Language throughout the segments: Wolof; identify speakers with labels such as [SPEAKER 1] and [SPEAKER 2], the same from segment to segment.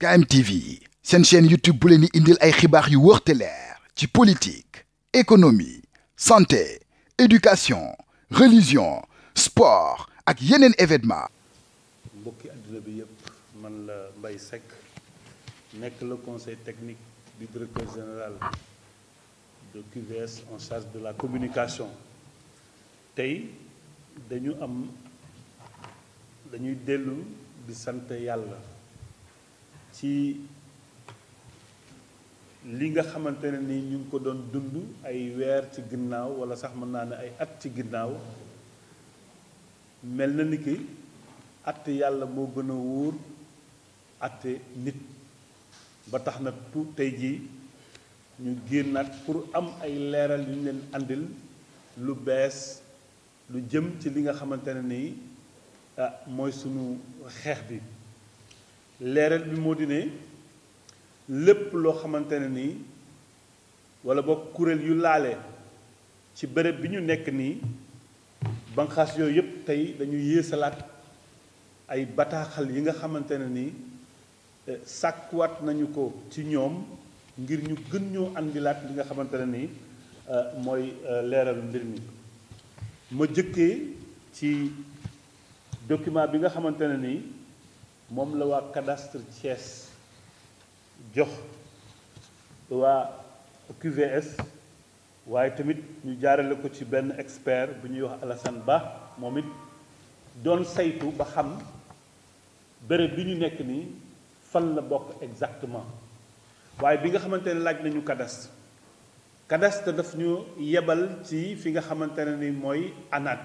[SPEAKER 1] KMTV une chaîne YouTube où leen di indil ay xibaar yu wër te la ci politique économie santé éducation religion sport ak d'autres événements. mbokki adduna bi yëpp man la Mbaye Seck le conseil technique du directeur général de QVS en charge de la communication Tay, dañu am dañuy dellu de santé. ci li nga xamante ne ni ñu ngi ko doon dund ay weer ci ginnaaw walla sax mën naa ne ay at ci ginnaaw mel na ni ki atte yàlla moo gën a wóor at nit ba tax na tu tey jii ñu génnaat pour am ay leeral yu leen àndil lu bees lu jëm ci li nga xamante ne ni ah, mooy sunu xeex bi leeral bi moo di ne lépp loo xamante ne ni wala boog kuréel yu laale ci bërëb bi ñu nekk nii banqaas yooyu yëpp tey dañuy yéesalaat ay bataaxal yi nga xamante ne nii eh, sàkkuwaat nañu ko ci ñoom ngir ñu gën ñoo andilaat li nga xamante ne nii eh, mooy eh, leeralu mbir mi ma jëkkee ci document bi nga xamante ne nii moom la waa cadastre Thiès jox waa QVS waaye tamit ñu jaarale ko ci benn expert bu ñuy wax Alassane Ba moom it doon saytu ba xam béréb bi ñu nekk nii fan la bokk exactement waaye bi nga xamante ne laaj nañu cadastre cadastre daf ñu yebal ci fi nga xamante ne ni mooy anaat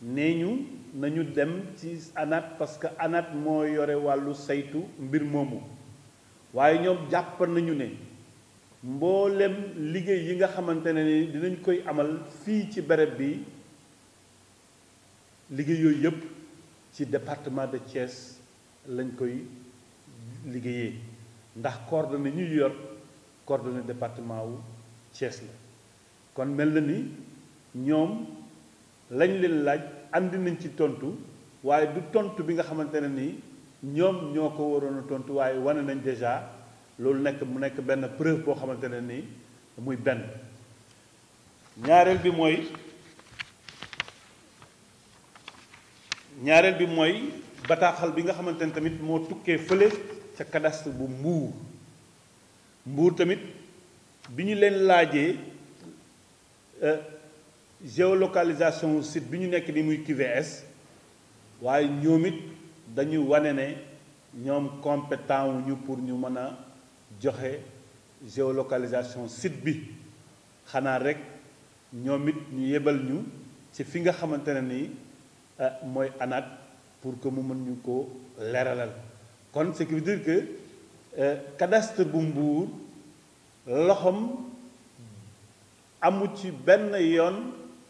[SPEAKER 1] nee ñu nañu dem ci anat parce que anat moo yore wàllu saytu mbir moomu waaye ñoom jàppan nañu ne mboolem liggéey yi nga xamante ne ni dinañ koy amal fii ci béréb bi liggéey yooyu yëpp ci département de Thiès lañ koy liggéeyee ndax coordonnées ñuy yor coordonnées département wu Thiès la kon mel na ni ñoom lañ leen laaj. andi nañ ci tontu waaye du tontu bi nga xamante ne nii ñoom ñoo ko waroon a tontu waaye wane nañ déjà loolu nekk mu nekk benn preuve boo xamante ne nii muy benn ñaareel bi mooy ñaareel bi mooy bataaxal bi nga xamante ne tamit moo tukkee fële ca cadastre bu mbuur mbuur tamit bi ñu leen laajee euh, géolocalisation wu site bi ñu nekk ni muy QVS waaye ñoom it dañuy wane ne ñoom compétent wu ñu pour ñu mën a joxe géolocalisation site bi xanaa rek ñoom it ñu yebal ñu ci fi nga xamante ne nii euh, mooy ANAT pour que mu mën ñu ko leeralal kon ce qui veut dire que euh, cadastre bu Mbour loxoom amu ci benn yoon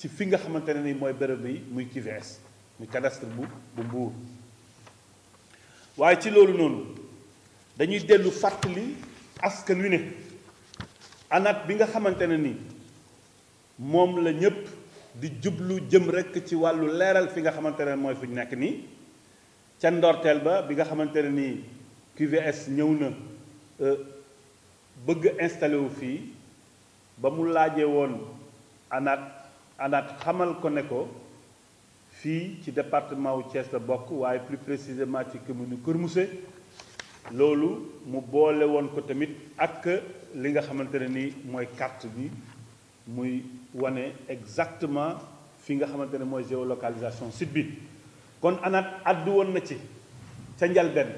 [SPEAKER 1] ci fi nga xamante ne ni mooy bërëb bi muy QVS muy cadastre bu bu Mbour waaye ci loolu noonu dañuy dellu fàttali askan wi ne anat bi nga xamante ne ni moom la ñëpp di jublu jëm rekk ci wàllu leeral fi nga xamante ne mooy fu nekk nii ca ndorteel ba bi nga xamante ne ni QVS ñëw na e, bëgg installé wu fii ba mu laajee woon anat àndaat xamal ko ne ko fii ci département wu Thiès la bokk waaye plus précisément ci commune Kër Mousse loolu mu boole woon ko tamit ak li nga xamante ne ni mooy carte bi muy wane exactement fi nga xamante ne mooy géolocalisation site bi kon ANAT àddu woon na ci ca njalbenn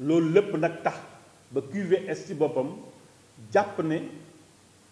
[SPEAKER 1] loolu lépp nag tax ba QVS ci boppam jàpp ne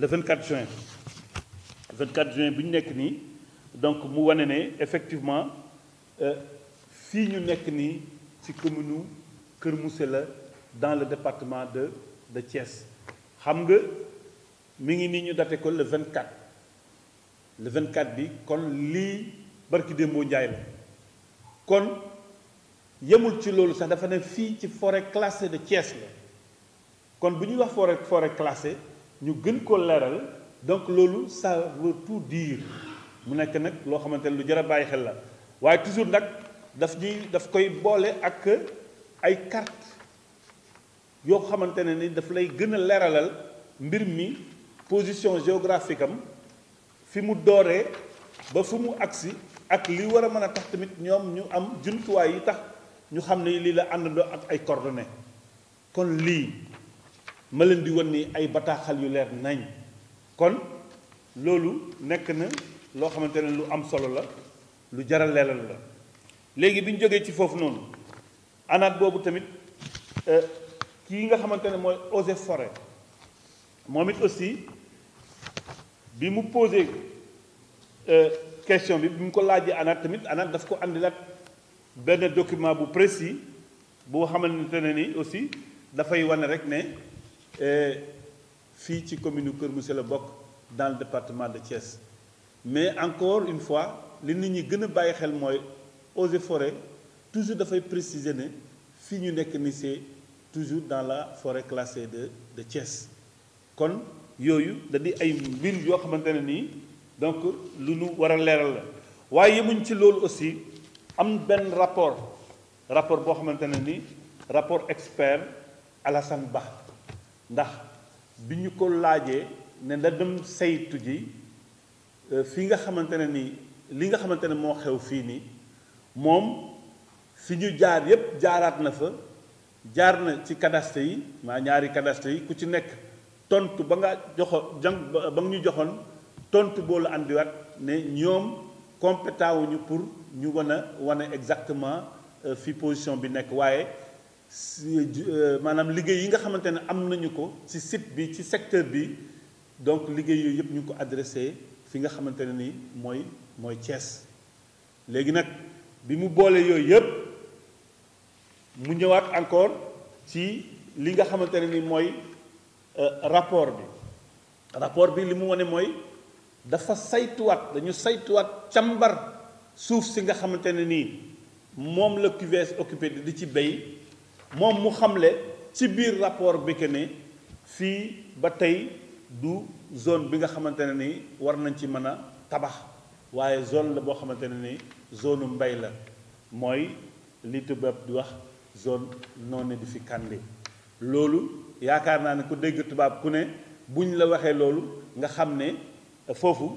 [SPEAKER 1] le 24 juin Le 24 juin bi nek ni, donc mu wane ne effectivement euh, fii ñu nek ni, ci commune Keur Moussela, dans le département de de Thiès xam nga mi ngi ni ñu daté ko le 24 le 24 bi kon li, barki démboo Njaay la kon yemul ci lolu sax dafa ne fi ci forêt classée de Thiès la kon bu wax forêt forêt classée ñu gën ko leeral donc loolu ça veut tout diir mu nekk nag loo xamante ne lu jar a bàyyi xel la waaye toujours nag daf ñuy daf koy boole ak ay carte yoo xamante ne ni daf lay gën a leeralal mbir mi position géographique am fi mu dooree ba fu mu agsi ak li war a mën a tax tamit ñoom ñu am jumtuwaay yi tax ñu xam ne lii la àndandoo ak ay coordonnées kon lii ma leen di wan ni ay bataaxal yu leer nañ kon loolu nekk na loo xamante ne lu am solo la lu jaral leeral la léegi bi ñu jógee ci foofu noonu anaat boobu tamit euh, kii nga xamante ne mooy eaux fore moom it aussi bi mu posé euh, question bi bi mu ko laajee anaat tamit anaat daf ko àndilaat benn document bu précis bu xamante ne ni aussi dafay wane rek ne fii ci commune de Monsieur Le bokk dans le département de Thiès mais encore une fois li nit ñi gën a bàyyi xel mooy eaux forêts toujours dafay préciser ne fii ñu toujours dans la forêt classée de de Thiès kon yoyu da di ay mbir yo xamante ni donc lu nu wara a la waye yemuñ ci loolu aussi am ben rapport rapport bo xamante ni rapport expert Alassane bah ndax bi ñu ko laajee ne la dem saytu ji euh, fi nga xamante ne nii li nga xamante ne moo xew fii nii moom fi ñu jaar yépp jaaraat na fa jaar na ci cadastre yi maa ñaari cadastre yi ku ci nekk tontu ba nga joxo jang ba nga ñu joxoon tontu boo la ne ñoom compétent wuñu pour ñu wan wane exactement euh, fi position bi nekk waaye Euh, maanaam liggéey yi nga xamante ne am nañu ko ci site bi ci secteur bi donc liggéey yooyu yëpp ñu ko adressé fi nga xamante ne ni mooy mooy Thiès léegi nag bi mu boole yooyu yëpp mu ñëwaat encore ci li nga xamante ne ni mooy euh, rapport bi rapport bi li mu wane mooy dafa saytuwaat dañu saytuwaat càmbar suuf si nga xamante ne nii moom la QVS occupé di ci bay moom mu xamle ci biir rapport bi que ne fii ba tey du zone bi nga xamante ne ni war nañ ci mën a tabax waaye zone la boo xamante ne ni zone mbay la mooy li tubaab di wax zone fi aedificandée loolu yaakaar naa ne ku dégg tubaab ku ne bu ñu la waxee loolu nga xam ne foofu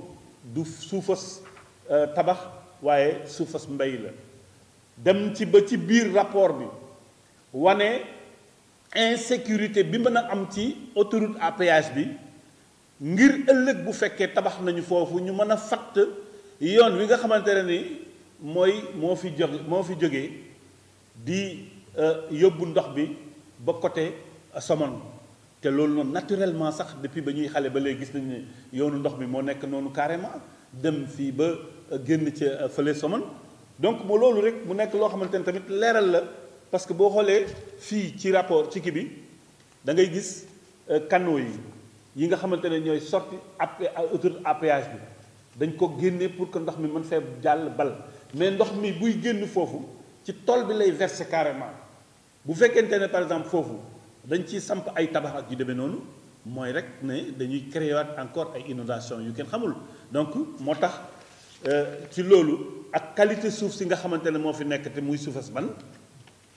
[SPEAKER 1] du suufas euh, tabax waaye suufas mbay la dem ci ba ci biir rapport bi wane insécurité bi mën a am ci autoroute à bi ngir ëllëg bu fekkee tabax nañu foofu ñu mën a fatt yoon wi nga xamante ne ni mooy moo fi jóg moo fi jógee di euh, yóbbu ndox bi ba côté Somone te loolu noonu naturellement sax depuis ba ñuy xale ba léegi gis nañu ne yoonu ndox bi moo nekk noonu carrément dem fii ba génn ca euh, fële Somone donc mu loolu rek mu nekk loo xamante ne tamit leeral la parce que bo xolé fi ci rapport ci kibi da ngay gis euh, canaux yi yi nga xamantene ñoy sorti ap autoroute à bi dañ ko génnee pour que ndox mi man fee jall bal mais ndox mi buy génn fofu ci tol bi lay verser carrément bu fekkente ne par exemple fofu dañ ci samp ay tabax ak yu demee nonu moy rek né dañuy créer wat encore ay inondation yu ken xamul donc motax euh ci lolu ak qualité suuf si nga xamantene ne fi nekk té muy suufas ban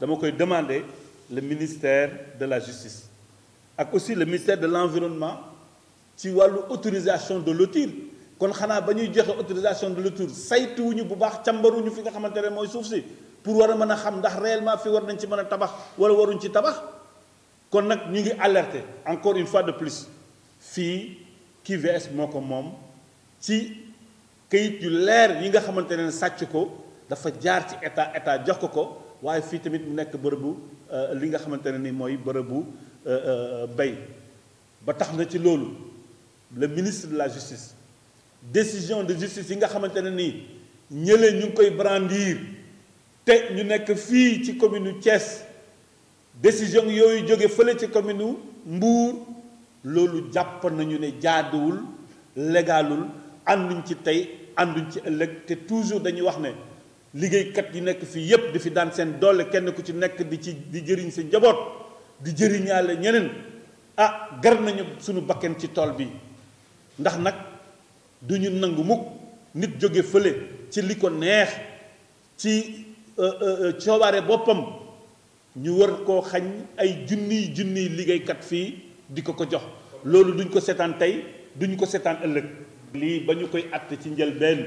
[SPEAKER 1] dama demander le ministère de la justice ak aussi le ministère de l'environnement ci wàllu autorisation de lotir kon xana bañuy joxe autorisation de lotir saytuwuñu bu baax càmbaruñu fi nga xamantene moy mooy suuf pour wara a xam ndax réellement fi war nañ ci mën tabax wala waruñ ci tabax kon nak ñu ngi alerter encore une fois de plus fi ki moo moko mom ci kayit yu leer yi nga xamantene ne ko dafa jaar ci état état jox ko ko waaye fii tamit mu nekk bërëbu euh, li nga xamante ne ni mooy bërëbu euh, euh, bay ba tax na ci loolu le ministre de la justice décision de justice yi nga xamante ne nii ñële ñu ngi koy brandir te ñu nekk fii ci commune Thiès décision yooyu jóge fële ci commune Mbour loolu jàpp nañu ne jaaduwul légalul ànduñ ci tey ànduñ ci ëllëg te toujours dañuy wax ne liggéeykat yi nekk fii yépp di fi daan seen doole kenn ku ci nekk di ci di jëriñ sa njaboot di jëriñaale ñeneen ah gar nañu suñu bakken ci tool bi ndax nag duñu ñu nangu mukk nit jóge fële ci li ko neex ci euh, euh, euh, coobaare boppam ñu war koo xañ ay junni junniy liggéeykat fii di ko ko jox loolu duñ ko seetaan tey duñ ko seetaan ëllëg lii ba ñu koy àtt ci njëlbeen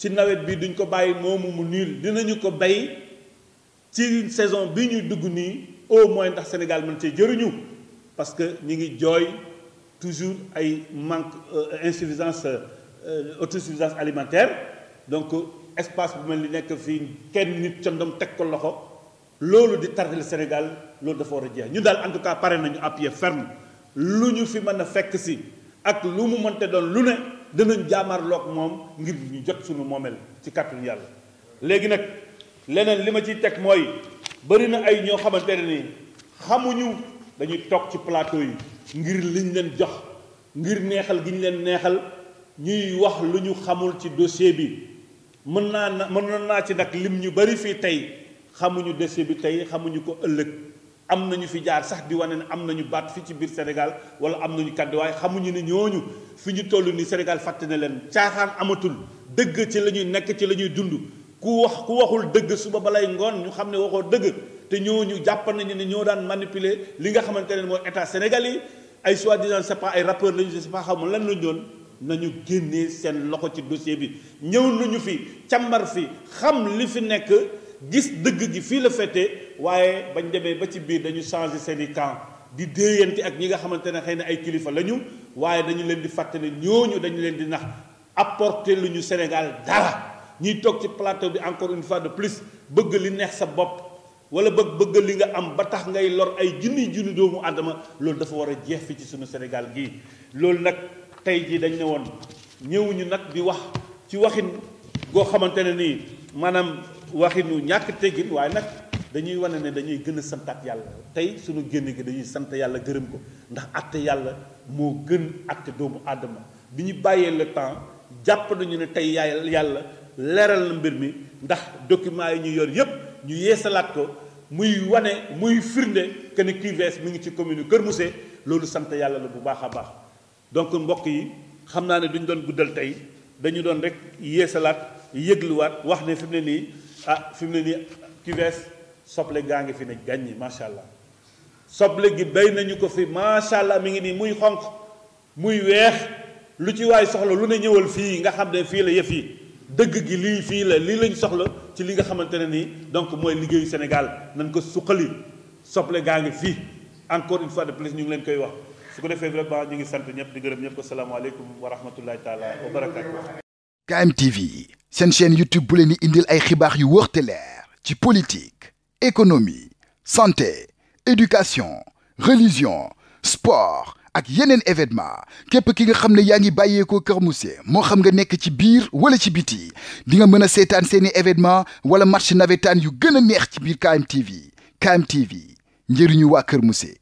[SPEAKER 1] ci nawet bi duñ ko bàyyi moomu mu niil dinañu ko bay ci saison bi ñu dugg nii au moins ndax Sénégal mën cee jëruñu parce que ñu ngi jooy toujours ay manque euh, insuffisance euh, autosuffisance alimentaire donc euh, espace bu mel ni nekk fii kenn nit condom teg ko loxo loolu di tardel Sénégal loolu dafa war a jeex ñu daal en tout cas pare nañu à pied ferme lu ñu fi mën a fekk si ak lu mu mënte doon lu ne danañ jaamarloog moom ngir ñu jot suñu moomeel ci kàttanu yàlla léegi nag leneen li ma ciy teg mooy bëri na ay ñoo xamante ne ni xamuñu dañuy toog ci plateau yi ngir liñ leen jox ngir neexal gi ñu leen neexal ñuy wax lu ñu xamul ci dossier bi mën naa na mën naa ci nag lim ñu bëri fii tey xamuñu dossier bi tey xamuñu ko ëllëg am nañu fi jaar sax di wane ne am nañu baat fi ci biir Sénégal wala am nañu kàddu waaye xamuñu ne ñooñu fi ñu toll nii Sénégal fàtte ne leen caaxaan amatul dëgg ci la ñuy nekk ci la ñuy dund ku wax ku waxul dëgg suba balay ngoon ñu xam ne waxoo dëgg te ñu jàpp nañu ne ñoo daan manipuler li nga xamante ne mooy état Sénégal yi ay soi-disant c'est ay rappeurs lañu c'est pas xamu lan lañu doon nañu génnee seen loxo ci dossier bi ñëw nañu fi càmbar fi xam li fi nekk. gis dëgg gi fii la fete waaye bañ demee ba ci biir dañu changé seen i camp di déeyante ak ñi nga xamante ne xëy na ay kilifa lañu waaye dañu leen di fàttali ñooñu dañu leen di nax apporter lu ñu Sénégal dara ñuy toog ci plateau bi encore une fois de plus bëgg li neex sa bopp wala bëgg bëgg li nga am ba tax ngay lor ay junni junni doomu adama loolu dafa war a jeex fi ci suñu senegal gii loolu nag tey jii dañ ne woon ñëwuñu nag di wax ci waxin goo xamante ne nii maanaam waxinu ñàkk teggin waaye nag dañuy wane ne dañuy gën a santaat yàlla tey suñu génn gi dañuy sant yàlla gërëm ko ndax àtte yàlla moo gën àtte doomu aadama bi ñu bàyyee la temps jàpp nañu ne tey yaay yàlla leeral na mbir mi ndax documents yi ñuy yor yépp ñu yeesalaat ko muy wane muy firnde que ni QVS mu ngi ci commune Kër Mousse loolu sant yàlla la bu baax a baax donc mbokk yi xam naa ne duñ doon guddal tey dañu doon rek yéesalaat yëgluwaat wax ne fi ne nii ah fi mu ne nii cuvees soble gaa ngi fi ne yi macha allah soble gi bay nañu ko fi macha allah mi ngi nii muy xonq muy weex lu ci waay soxla lu ne ñëwal fii nga xam ne fii la yëf yi dëgg gi lii fii la lii lañ soxla ci li nga xamante ne nii donc mooy liggéeyu Sénégal nañ ko suqali soble gaa ngi fii encore une fois de plus ñu ngi leen koy wax su ko defee vraiment ñu ngi sant ñëpp di gërëm ñëpp asalaamaaleykum wa rahmatullahi taala wa barakaatu KMTV une chaîne YouTube où l'on indil ay xibaar yu wërté lèr ci politique économie santé éducation religion sport ak yenen événement képp ki nga xamné ne yaa bayé ko Kër moussé, mo xam nga nek ci biir wala ci biti di nga mëna sétane séni événement wala match navétane yu gëna neex ci biir KMTV KMTV ñëriñu wa Kër moussé.